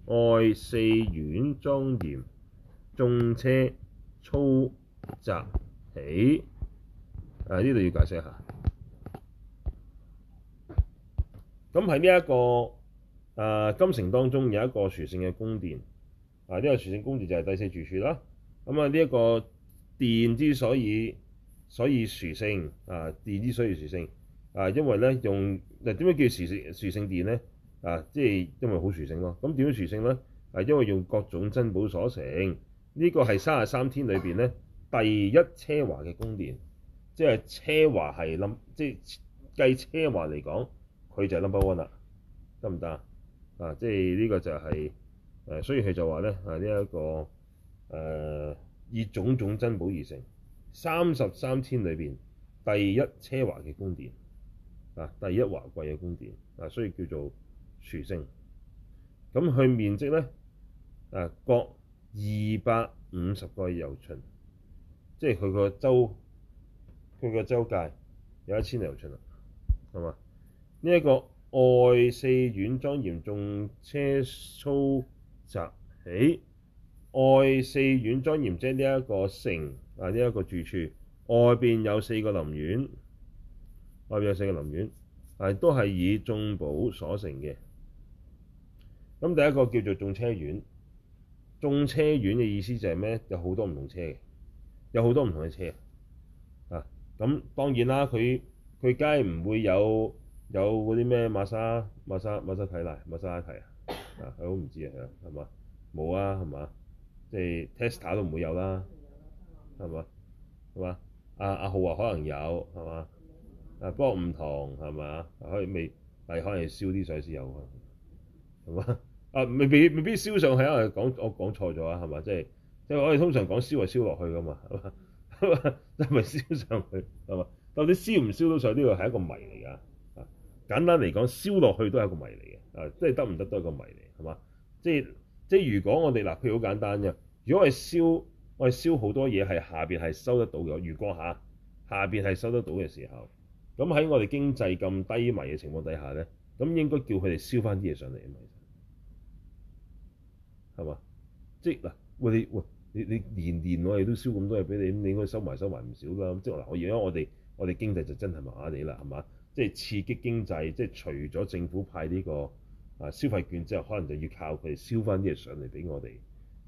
那，外四苑莊嚴，眾車粗雜喜。誒呢度要解釋下。咁係呢一個。誒、啊、金城當中有一個殊勝嘅宮殿，啊呢、這個殊勝宮殿就係第四住處啦。咁啊呢一、這個殿之所以所以殊勝，啊殿之所以殊勝，啊因為咧用嗱點樣叫殊勝殊勝殿咧？啊即係因為好殊勝咯。咁點樣殊勝咧？啊，啊因為用各種珍寶所成，這個、呢個係三十三天裏邊咧第一奢華嘅宮殿，即係奢華係諗，即係計奢華嚟講，佢就係 number one 啦，得唔得啊？啊，即係呢、這個就係、是，誒、呃，所以佢就話咧，啊呢一個誒、呃、以種種珍寶而成，三十三天裏邊第一奢華嘅宮殿，啊第一華貴嘅宮殿，啊所以叫做殊勝。咁佢面積咧，啊各二百五十個由旬，即係佢個周佢個周界有一千由旬啊，係嘛？呢、這、一個。外四苑莊嚴，眾車粗雜喜。欸，外四苑莊嚴，即係呢一個城啊，呢一個住處外邊有四個林苑，外邊有四個林苑，係、啊、都係以眾寶所成嘅。咁第一個叫做眾車苑，眾車苑嘅意思就係咩？有好多唔同車嘅，有好多唔同嘅車啊！咁當然啦，佢佢梗係唔會有。有嗰啲咩馬莎、馬莎、馬莎拉提啦，馬莎拉提，馬莎拉提。啊啊！我唔知啊，係嘛，冇啊，係嘛即係 Tesla 都唔會有啦，係嘛係嘛？阿阿浩話可能有係嘛？啊，不過唔同係嘛？可以未未可能燒啲水先有啊？係嘛啊？未未未必燒上去啊！講我講錯咗啊？係嘛？即係即係我哋通常講燒係燒落去㗎嘛？係嘛？係咪燒上去係嘛？到底燒唔燒到上呢個係一個謎嚟㗎？簡單嚟講，燒落去都係一個謎嚟嘅，啊，即係得唔得都係一個謎嚟，係嘛？即係即係如果我哋嗱，譬如好簡單嘅，如果係燒，我哋燒好多嘢係下邊係收得到嘅，如果下下邊係收得到嘅時候，咁喺我哋經濟咁低迷嘅情況底下咧，咁應該叫佢哋燒翻啲嘢上嚟啊嘛，係嘛？即係嗱，喂你喂你你年年我哋都燒咁多嘢俾你，咁你應該收埋收埋唔少啦，即係嗱，我而家我哋我哋經濟就真係麻麻地啦，係嘛？即係刺激經濟，即係除咗政府派呢、這個啊消費券之後，可能就要靠佢哋燒翻啲嘢上嚟俾我哋，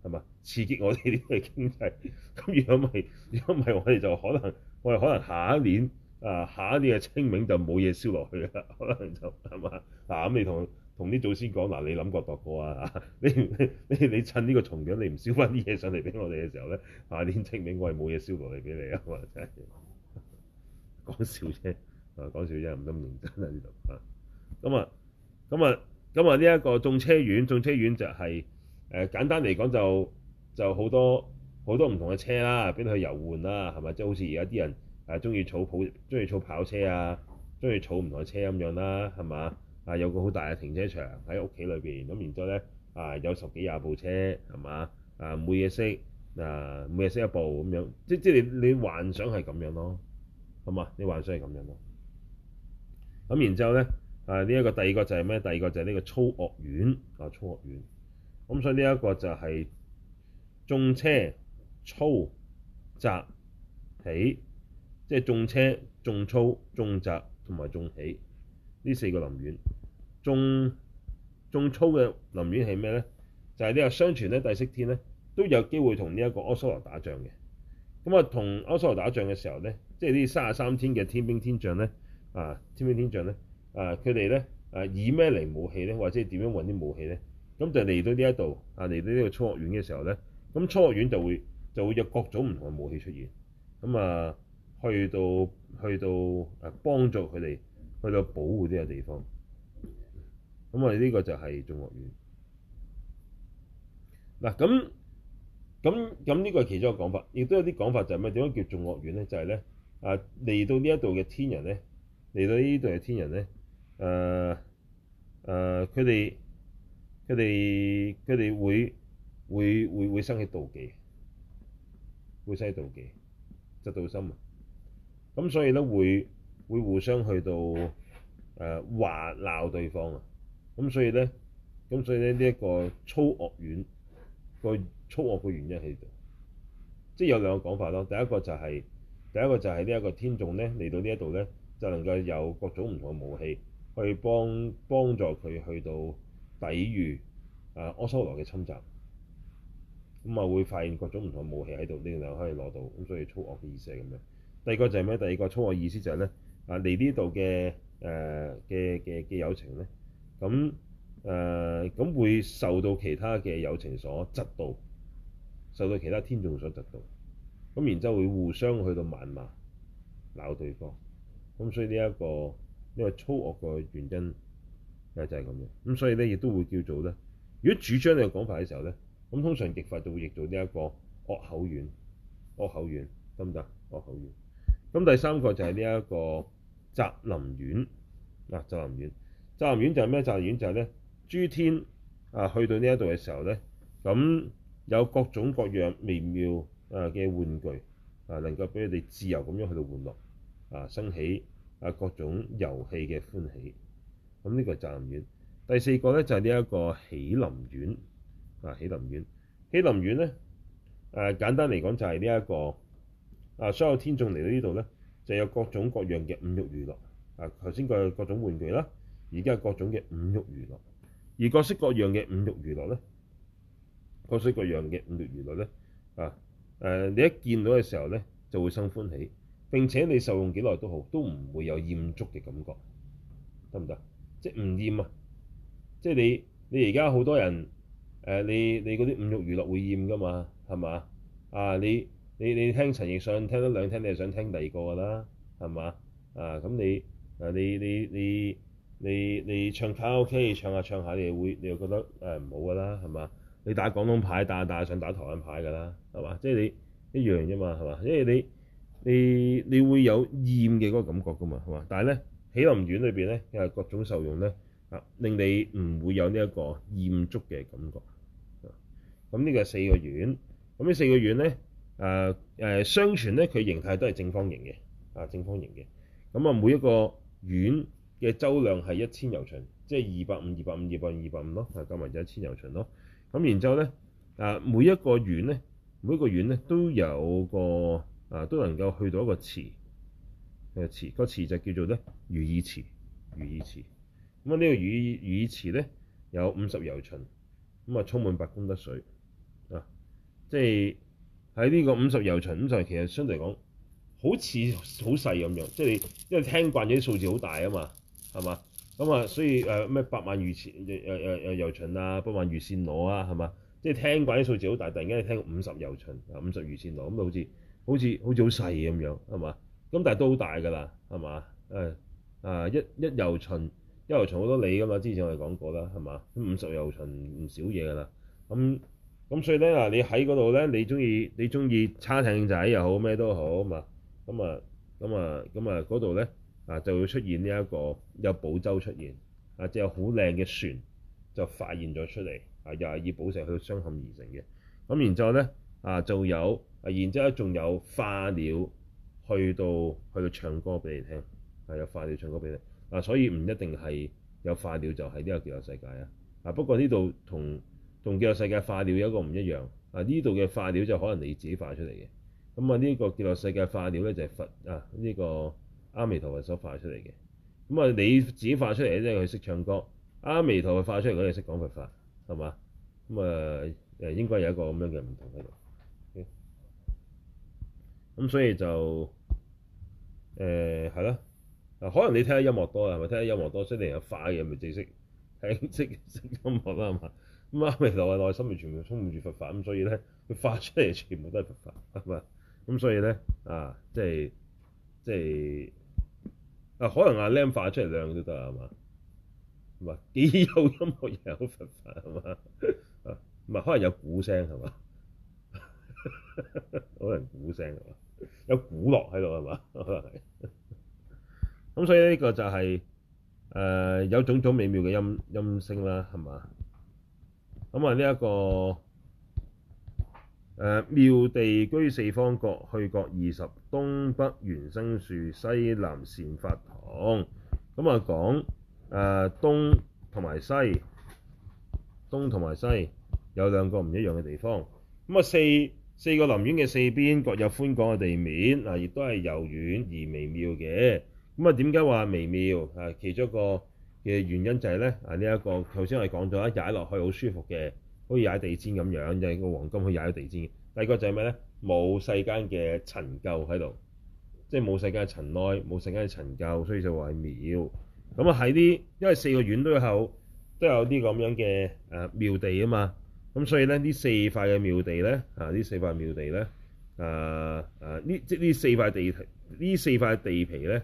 係嘛？刺激我哋啲嘅經濟。咁如果唔係，如果唔係，我哋就可能，我哋可能下一年啊，下一年嘅清明就冇嘢燒落去啦。可能就係嘛？嗱咁、啊啊，你同同啲祖先講嗱，你諗過度過啊？嚇、啊、你你，你，你，你趁呢個重陽，你唔燒翻啲嘢上嚟俾我哋嘅時候咧，下年清明我係冇嘢燒落嚟俾你啊嘛！真係 講笑啫～啊，講笑啫，唔得咁認真喺呢度嚇。咁啊，咁啊，咁啊，呢一個眾車苑，眾車苑就係、是、誒、呃、簡單嚟講就就好多好多唔同嘅車啦，俾佢遊玩啦，係咪？即、就、係、是、好似而家啲人誒中意儲普，中意儲跑車啊，中意儲唔同嘅車咁樣啦，係嘛？啊，有個好大嘅停車場喺屋企裏邊，咁然之後咧啊，有十幾廿部車，係嘛？啊，每嘢識啊，每嘢識一部咁樣，即即係你，你幻想係咁樣咯，係嘛？你幻想係咁樣咯。啊。咁然之後咧，啊呢一個第二個就係咩？第二個就係呢個粗惡苑啊，粗惡苑。咁、嗯、所以呢一個就係眾車、粗雜喜，即係眾車、眾粗、眾雜同埋眾喜呢四個林苑。眾眾粗嘅林苑係咩咧？就係、是這個、呢個相傳咧、帝釋天咧都有機會同呢一個阿修羅打仗嘅。咁、嗯、啊，同阿修羅打仗嘅時候咧，即係呢三十三天嘅天兵天將咧。啊！天兵天將咧，啊，佢哋咧，啊以咩嚟武器咧，或者點樣揾啲武器咧？咁就嚟到呢一度啊，嚟到呢個粗惡苑嘅時候咧，咁粗惡苑就會就會有各種唔同嘅武器出現。咁啊，去到去到誒、啊、幫助佢哋，去到保護呢個地方。咁我哋呢個就係粗惡苑嗱。咁咁咁呢個係其中一個講法，亦都有啲講法就係咩？點樣叫粗惡苑咧？就係、是、咧啊，嚟到呢一度嘅天人咧。嚟到呢度嘅天人咧，誒、呃、誒，佢哋佢哋佢哋會會會會生起妒忌，會生起妒忌，就妒心啊！咁所以咧，會會互相去到誒話、呃、鬧對方啊！咁所以咧，咁所以咧呢一個粗惡苑個粗惡嘅原因喺度，即係有兩個講法咯。第一個就係，第一個就係呢一個天眾咧，嚟到呢一度咧。就能夠有各種唔同嘅武器，去幫幫助佢去到抵禦啊，阿、呃、修羅嘅侵襲。咁啊會發現各種唔同武器喺度，呢個又可以攞到，咁所以粗惡嘅意思係咁樣。第二個就係咩？第二個粗惡意思就係、是、咧，啊嚟呢度嘅誒嘅嘅嘅有情咧，咁誒咁會受到其他嘅有情所嫉妒，受到其他天眾所嫉妒。咁然之後會互相去到謾罵，鬧對方。咁所，、這個這個、所以呢一個呢個粗惡個原因啊，就係咁樣。咁所以咧，亦都會叫做咧，如果主張呢個講法嘅時候咧，咁通常極法就會譯做呢一個惡口苑、惡口苑得唔得？惡口苑。咁第三個就係呢一個雜林苑啊，雜林苑。雜、啊、林，林苑就係咩？雜林苑就係咧，諸天啊，去到呢一度嘅時候咧，咁有各種各樣微妙誒嘅玩具啊，能夠俾佢哋自由咁樣去到玩樂。啊，生起啊各種遊戲嘅歡喜，咁呢個雜林苑。第四個咧就係呢一個喜林苑啊，喜林苑。喜林苑咧，誒、啊、簡單嚟講就係呢一個啊，所有天眾嚟到呢度咧，就有各種各樣嘅五慾娛樂啊。頭先個各種玩具啦，而、啊、家各種嘅五慾娛樂，而各式各樣嘅五慾娛樂咧，各式各樣嘅五慾娛樂咧啊誒、啊，你一見到嘅時候咧，就會生歡喜。並且你受用幾耐都好，都唔會有厭足嘅感覺，得唔得？即係唔厭啊！即係你你而家好多人誒，你你嗰啲五慾娛樂會厭㗎嘛，係嘛？啊，你你你聽陳奕迅聽咗兩聽，你就想聽第二個㗎啦，係嘛？啊，咁你啊你你你你你唱卡拉 OK 唱下唱下，你會你又覺得誒唔好㗎啦，係嘛？你打廣東牌打下打下想打台灣牌㗎啦，係嘛？即係你一樣啫嘛，係嘛？因為你。你你會有厭嘅嗰個感覺噶嘛，係嘛？但係咧，喜林苑裏邊咧，因為各種受用咧，啊，令你唔會有呢一個厭足嘅感覺。咁呢個係四個院，咁呢四個院咧，誒、啊、誒相傳咧，佢形態都係正方形嘅，啊，正方形嘅。咁啊，每一個院嘅周量係一千由旬，即係二百五、二百五、二百五、二百五咯，啊，加埋就一千由旬咯。咁然之後咧，啊，每一個院咧、就是啊啊啊，每一個院咧都有個。啊，都能夠去到一個池嘅池，個池就叫做咧如意池，如意池。咁啊，這個、如呢個如如意池咧有五十由旬，咁啊充滿八功德水啊，即係喺呢個五十由旬咁就其實相對嚟講，好似好細咁樣，即係因為聽慣咗啲數字好大啊嘛，係嘛？咁啊，所以誒咩八萬漁池誒誒誒由旬啊，八萬漁線羅啊，係嘛？即係聽慣啲數字好大，突然間你聽五十由旬啊，五十漁線羅咁啊，就好似～好似好似好細嘅咁樣，係嘛？咁但係都好大噶啦，係嘛？誒啊！一一由旬，一由旬好多里噶嘛。之前我哋講過啦，係嘛？五十由旬唔少嘢噶啦。咁咁所以咧嗱，你喺嗰度咧，你中意你中意撐艇仔又好咩都好啊嘛。咁啊咁啊咁啊嗰度咧啊就會出現呢、這、一個有寶舟出現啊，即有好靚嘅船就發現咗出嚟啊，又係以寶石去相嵌而成嘅。咁、啊、然之後咧啊就有。啊，然之後仲有化鳥，去到去到唱歌俾你聽，啊有化鳥唱歌俾你，啊所以唔一定係有化鳥就係呢個結界世界啊，啊不過呢度同同結界世界化鳥有一個唔一樣，啊呢度嘅化鳥就可能你自己化出嚟嘅，咁啊呢個結界世界化鳥咧就係佛啊呢個阿彌陀佛所化出嚟嘅，咁啊你自己化出嚟咧就係佢識唱歌，阿彌陀佛化出嚟嗰隻識講佛法，係嘛？咁啊誒應該有一個咁樣嘅唔同喺度。咁所以就誒係咯，嗱、呃、可能你聽下音樂多啊，係咪聽下音樂多？雖然有化發嘅咪正式，識聽識音樂啦係嘛？咁啊未來我內心咪全部充滿住佛法，咁所以咧佢化出嚟全部都係佛法係咪？咁所以咧啊，即係即係啊，可能阿靚化出嚟靚都得係嘛？唔係幾有音樂又有佛法係嘛？唔係、啊、可能有鼓聲係嘛？可能鼓聲係嘛？有鼓樂喺度係嘛？咁 所以呢個就係、是、誒、呃、有種種美妙嘅音音聲啦，係嘛，咁啊呢一個誒、呃、妙地居四方角，去角二十東北圓生樹，西南善法堂，咁啊講誒東同埋西，東同埋西有兩個唔一樣嘅地方，咁啊四。四個林苑嘅四邊各有寬廣嘅地面，嗱，啊，亦都係柔軟而微妙嘅。咁啊，點解話微妙？啊，其中一個嘅原因就係咧，啊，呢、這、一個頭先我哋講咗啦，踩落去好舒服嘅，好似踩地氈咁樣，就係個黃金去踩個地氈。第二個就係咩咧？冇世間嘅塵垢喺度，即係冇世間嘅塵埃，冇世間嘅塵垢，所以就話係妙。咁啊，喺啲因為四個院都有，都有啲咁樣嘅誒妙地啊嘛。咁所以咧，呢四塊嘅廟地咧，啊，呢四塊廟地咧，啊啊，呢即呢四塊地皮，呢四塊地皮咧，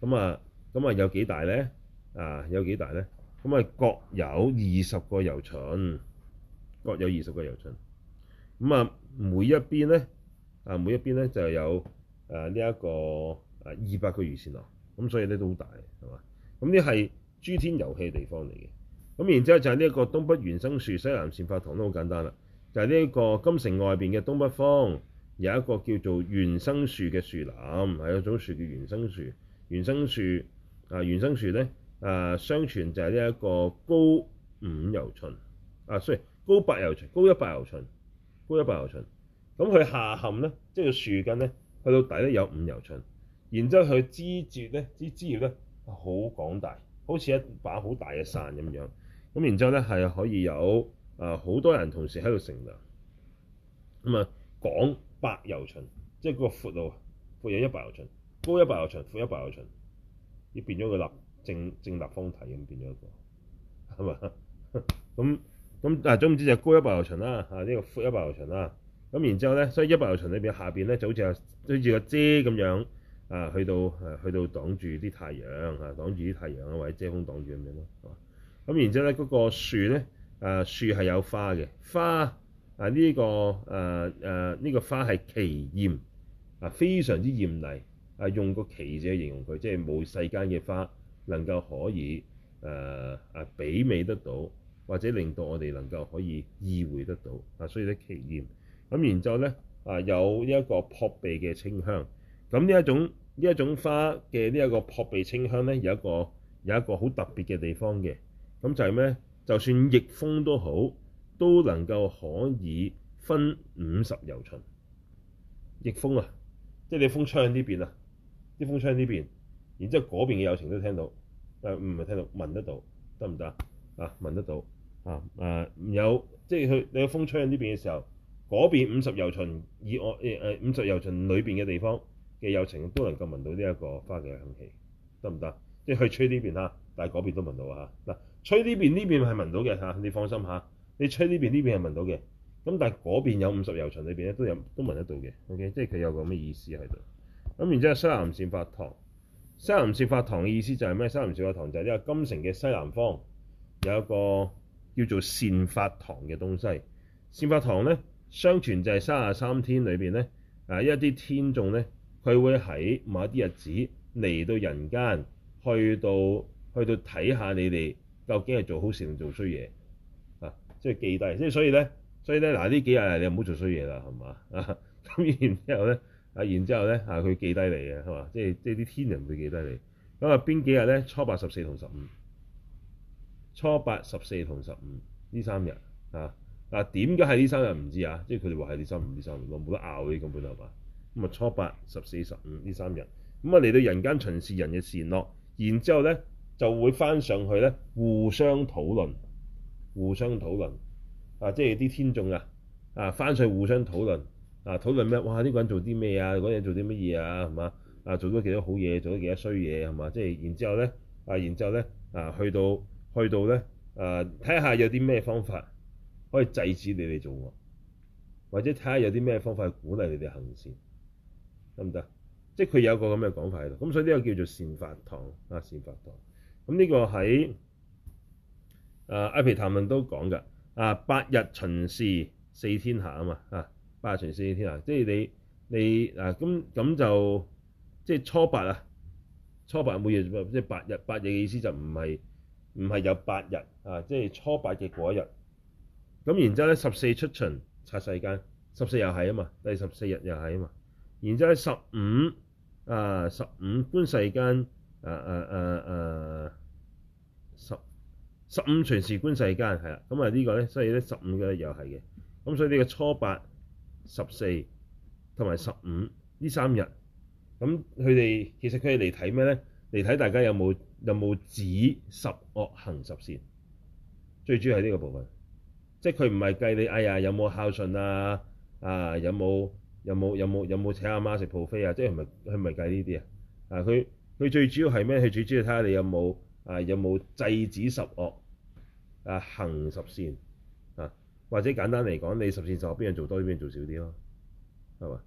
咁、嗯、啊，咁啊有幾大咧？啊、嗯，有幾大咧？咁、嗯、啊，各有二十個由旬，各有二十個由旬，咁、嗯、啊，每一邊咧，啊，每一邊咧就有誒呢、啊、一個誒二百個由旬啊。咁、嗯、所以咧都好大，係嘛？咁呢係諸天遊戲嘅地方嚟嘅。咁然之後就係呢一個東北圓生樹，西南善法堂，都好簡單啦，就係呢一個金城外邊嘅東北方有一個叫做圓生樹嘅樹林，係一種樹叫圓生樹。圓生樹啊，圓生樹咧啊，相傳就係呢一個高五由旬啊，sorry 高八由旬，高一八由旬，高一八由旬。咁佢下陷咧，即係樹根咧，去到底咧有五由旬。然之後佢枝節咧，枝枝葉咧好廣大，好似一把好大嘅傘咁樣。咁然之後咧，係可以有啊好多人同時喺度乘涼，咁啊廣百由旬，即係嗰個闊度，闊有一百由旬，高一百由旬，闊一百由旬。而變咗個立正正立方體咁變咗一個，係嘛？咁咁啊總言之就高一百由旬啦，啊、吓、呢個闊一百由旬啦，咁然之後咧，所以一百由旬裏邊下邊咧就好似係堆住個遮咁樣啊，去到、啊、去到擋住啲太陽啊，擋住啲太陽、啊啊、或者遮風擋住咁樣咯。啊啊啊咁然之後咧，嗰個樹咧，啊樹係有花嘅花啊。呢個誒誒呢個花係奇艷啊，非常之艷麗啊，用個奇字形容佢，即係冇世間嘅花能夠可以誒誒、啊啊、媲美得到，或者令到我哋能夠可以意會得到啊。所以咧奇艷咁、啊，然之後咧啊，有一個撲鼻嘅清香。咁、啊、呢一種呢一種花嘅呢一個撲鼻清香咧，有一個有一個好特別嘅地方嘅。咁就係咩？就算逆風都好，都能夠可以分五十由旬。逆風啊，即係你風吹喺呢邊啊，啲風吹喺呢邊，然之後嗰邊嘅有情都聽到，但唔係聽到，聞得到，得唔得啊？啊，聞得到啊啊、呃、有，即係佢，你個風吹喺呢邊嘅時候，嗰邊五十由旬以外誒誒五十由旬裏邊嘅地方嘅有情都能夠聞到呢一個花嘅香氣，得唔得？即係佢吹呢邊嚇，但係嗰邊都聞到啊嗱。吹呢邊呢邊係聞到嘅嚇，你放心嚇。你吹呢邊呢邊係聞到嘅。咁但係嗰邊有五十由旬裏邊咧，都有都聞得到嘅。O.K.，即係佢有個咩意思喺度。咁然之後，西南善法堂，西南善法堂嘅意思就係咩？西南善法堂就係因為金城嘅西南方有一個叫做善法堂嘅東西。善法堂咧，相傳就係三十三天裏邊咧，啊一啲天眾咧，佢會喺某啲日子嚟到人間，去到去到睇下你哋。究竟係做好事定做衰嘢啊？即係記低，即係所以咧，所以咧嗱，呢幾日你唔好做衰嘢啦，係嘛啊？咁 然之後咧，啊，然之後咧，啊，佢記低你嘅係嘛？即係即係啲天人會記低你。咁啊，邊幾日咧？初八十四同十五，初八十四同十五呢三日啊？嗱、啊，點解係呢三日唔知啊？即係佢哋話係呢三日，唔知三日咯，冇得拗嘅咁本嚟話。咁啊，初八十四十五呢三日，咁啊嚟到人間巡視人嘅善惡，然之後咧。就會翻上去咧，互相討論，互相討論啊！即係啲天眾啊，啊翻上去互相討論啊，討論咩？哇！呢個人做啲咩啊？嗰個人做啲乜嘢啊？係嘛？啊，做咗幾多好嘢，做咗幾多衰嘢係嘛？即係然之後咧，啊，然之後咧，啊，去到去到咧，啊，睇下有啲咩方法可以制止你哋做，或者睇下有啲咩方法去鼓勵你哋行善，得唔得？即係佢有個咁嘅講法喺度，咁所以呢個叫做善法堂啊，善法堂。咁呢、嗯，這個喺誒，阿毗曇論都講㗎，啊八日巡視四天下啊嘛，啊八日巡視四天下，即係你你嗱咁咁就即係初八啊，初八每日即係八日，八日嘅意思就唔係唔係有八日啊，即係初八嘅嗰一日，咁、啊、然之後咧十四出巡察世間，十四又係啊嘛，第十四日又係啊嘛，然之後呢十五啊，十五觀世間。啊啊啊啊！十十五全事觀世間係啦，咁啊呢個咧，所以咧十五嘅咧又係嘅。咁所以呢個初八、十四同埋十五呢三日，咁佢哋其實佢哋嚟睇咩咧？嚟睇大家有冇有冇止十惡行十善，最主要係呢個部分，即係佢唔係計你哎呀有冇孝順啊，啊有冇有冇有冇有冇請阿媽，媽食 buffet 啊？即係唔係佢唔係計呢啲啊？啊佢。佢最主要係咩？佢最主要睇下你有冇啊，有冇制止十惡啊，行十善啊，或者簡單嚟講，你十善十惡邊人做多啲，邊人做少啲咯，係嘛？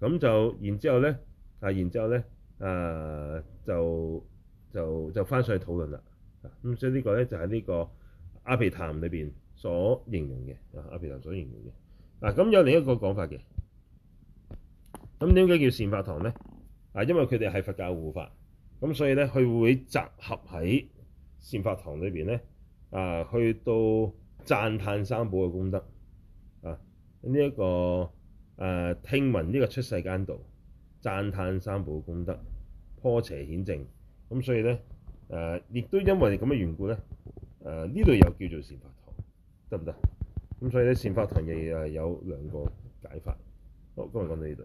咁就然之後咧，啊，然之後咧，啊，就就就翻上去討論啦。咁，啊，所以呢個咧就係呢個阿皮談裏邊所形容嘅啊，阿皮談所形容嘅啊。咁有另一個講法嘅，咁點解叫善法堂咧？啊，因為佢哋係佛教護法。咁所以咧，佢會集合喺善法堂裏邊咧，啊、呃，去到讚歎三寶嘅功德啊，呢、這、一個誒、呃、聽聞呢個出世間道，讚歎三寶嘅功德，破邪顯正。咁所以咧，誒、呃，亦都因為咁嘅緣故咧，誒、呃，呢度又叫做善法堂，得唔得？咁所以咧，善法堂亦啊有兩個解法。好、哦，今日講到呢度。